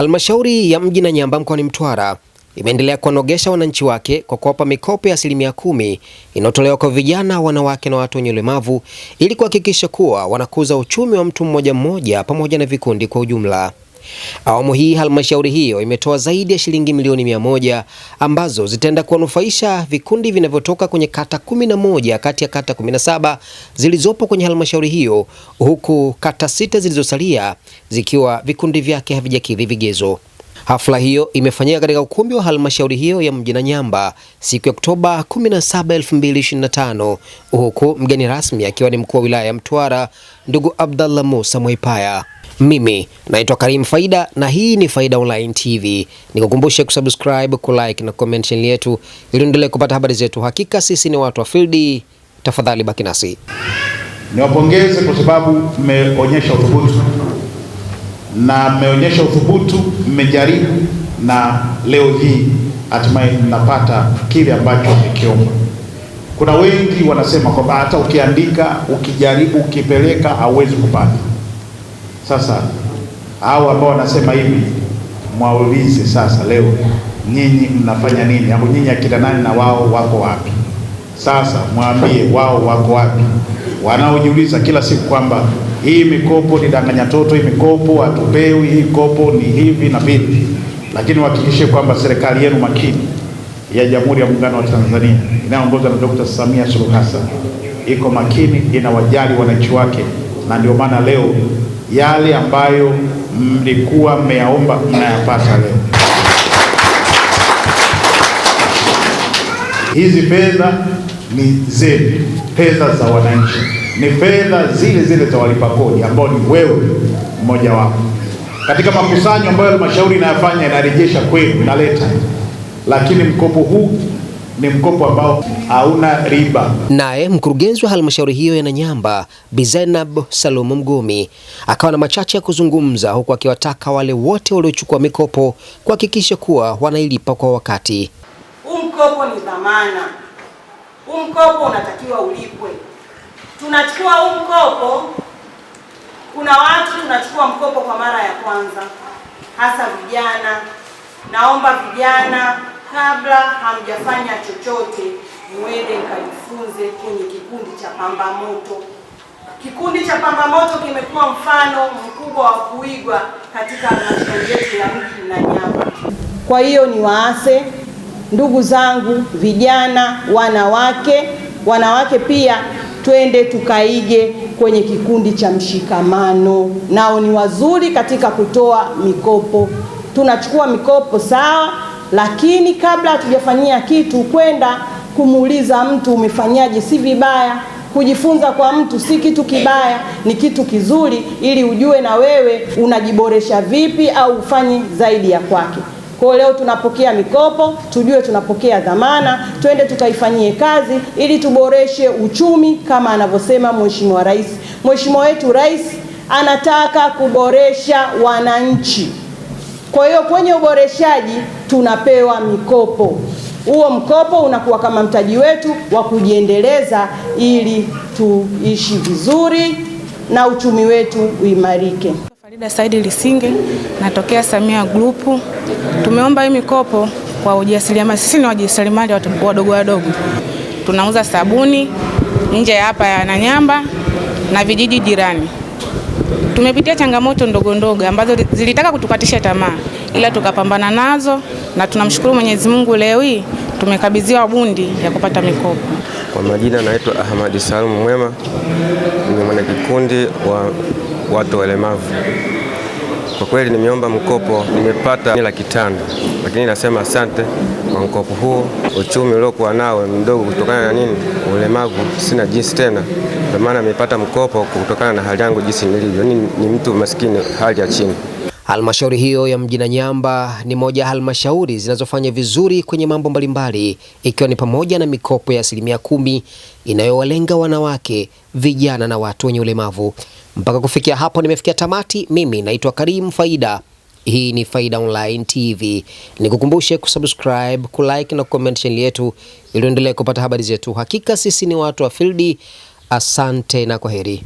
Halmashauri ya Mji Nanyamba mkoani Mtwara imeendelea kuwanogesha wananchi wake kwa kuwapa mikopo ya asilimia kumi inayotolewa kwa vijana, wanawake na watu wenye ulemavu ili kuhakikisha kuwa wanakuza uchumi wa mtu mmoja mmoja pamoja na vikundi kwa ujumla. Awamu hii halmashauri hiyo imetoa zaidi ya shilingi milioni mia moja ambazo zitaenda kuwanufaisha vikundi vinavyotoka kwenye kata kumi na moja kati ya kata kumi na saba zilizopo kwenye halmashauri hiyo, huku kata sita zilizosalia zikiwa vikundi vyake havijakidhi vigezo. Hafla hiyo imefanyika katika ukumbi wa halmashauri hiyo ya mji Nanyamba siku ya Oktoba 17, 2025 huku mgeni rasmi akiwa ni mkuu wa wilaya ya Mtwara ndugu Abdallah Musa Mwaipaya. Mimi naitwa Karim Faida na hii ni Faida Online TV. Nikukumbushe kusubscribe, kulike na comment channel yetu ili uendelee kupata habari zetu. Hakika sisi ni watu wa field, tafadhali baki nasi. Niwapongeze kwa sababu mmeonyesha uthubutu na mmeonyesha uthubutu, mmejaribu, na leo hii hatimaye mnapata kile ambacho mmekiomba. Kuna wengi wanasema kwamba hata ukiandika, ukijaribu, ukipeleka hauwezi kupata. Sasa hao ambao wanasema hivi mwaulize sasa, leo nyinyi mnafanya nini? Au nyinyi akina nani na wao wako wapi? Sasa mwambie wao wako wapi, wanaojiuliza kila siku kwamba hii mikopo ni danganya toto, hii mikopo hatupewi, hii mikopo ni hivi na vipi. Lakini wahakikishe kwamba serikali yenu makini ya Jamhuri ya Muungano wa Tanzania inayoongozwa na Dr. Samia Suluhu Hassan iko makini, inawajali wananchi wake, na ndio maana leo yale ambayo mlikuwa mmeyaomba mnayapata leo. Hizi fedha ni zenu, fedha za wananchi ni fedha zile zile za walipa kodi ambao ni wewe mmoja wapo. Katika makusanyo ambayo halmashauri inayafanya inarejesha kwenu, inaleta, lakini mkopo huu ni mkopo ambao hauna riba. Naye mkurugenzi wa halmashauri hiyo ya Nanyamba Bi Zainab Salomo Mgumi akawa na machache ya kuzungumza, huku akiwataka wale wote waliochukua mikopo kuhakikisha kuwa wanailipa kwa wakati. Huu mkopo ni dhamana, huu mkopo unatakiwa ulipwe tunachukua huu mkopo. Kuna watu tunachukua mkopo kwa mara ya kwanza, hasa vijana. Naomba vijana, kabla hamjafanya chochote, mwende mkajifunze kwenye kikundi cha Moto. Kikundi cha Moto kimekuwa mfano mkubwa wa kuigwa katika halmashauri yetu ya mji Mnanyamba. Kwa hiyo ni waase ndugu zangu vijana, wanawake, wanawake pia twende tukaige kwenye kikundi cha Mshikamano, nao ni wazuri katika kutoa mikopo. Tunachukua mikopo sawa, lakini kabla hatujafanyia kitu kwenda kumuuliza mtu umefanyaje si vibaya. Kujifunza kwa mtu si kitu kibaya, ni kitu kizuri, ili ujue na wewe unajiboresha vipi au ufanye zaidi ya kwake. Kwa hiyo leo tunapokea mikopo, tujue tunapokea dhamana, twende tukaifanyie kazi ili tuboreshe uchumi kama anavyosema Mheshimiwa Rais. Mheshimiwa wetu Rais anataka kuboresha wananchi. Kwa hiyo kwenye uboreshaji tunapewa mikopo. Huo mkopo unakuwa kama mtaji wetu wa kujiendeleza ili tuishi vizuri na uchumi wetu uimarike. Farida Saidi Lisinge, natokea Samia Group. Tumeomba hii mikopo kwa ujasiriamali, sisi ni wajasiriamali wadogo wadogo, tunauza sabuni nje hapa ya Nanyamba na vijiji jirani. Tumepitia changamoto ndogo ndogo ambazo zilitaka kutukatisha tamaa, ila tukapambana nazo na tunamshukuru Mwenyezi Mungu, leo hii tumekabidhiwa bundi ya kupata mikopo. Kwa majina naitwa Ahmadi Salumu Mwema, ni mwanakikundi wa watu walemavu. Kwa kweli nimeomba mkopo, nimepata laki tano, lakini nasema asante kwa mkopo huo. Uchumi uliokuwa nao mdogo kutokana na nini, ulemavu, sina jinsi tena, kwa maana nimepata mkopo kutokana na hali yangu jinsi nilivyo, ni, ni mtu maskini, hali ya chini. Halmashauri hiyo ya Mji Nanyamba ni moja ya halmashauri zinazofanya vizuri kwenye mambo mbalimbali ikiwa ni pamoja na mikopo ya asilimia kumi inayowalenga wanawake, vijana na watu wenye ulemavu. Mpaka kufikia hapo nimefikia tamati. Mimi naitwa Karim Faida, hii ni Faida Online TV. Nikukumbushe kusubscribe, kulike na comment chaneli yetu ili uendelee kupata habari zetu. Hakika sisi ni watu wa fildi. Asante na kwaheri.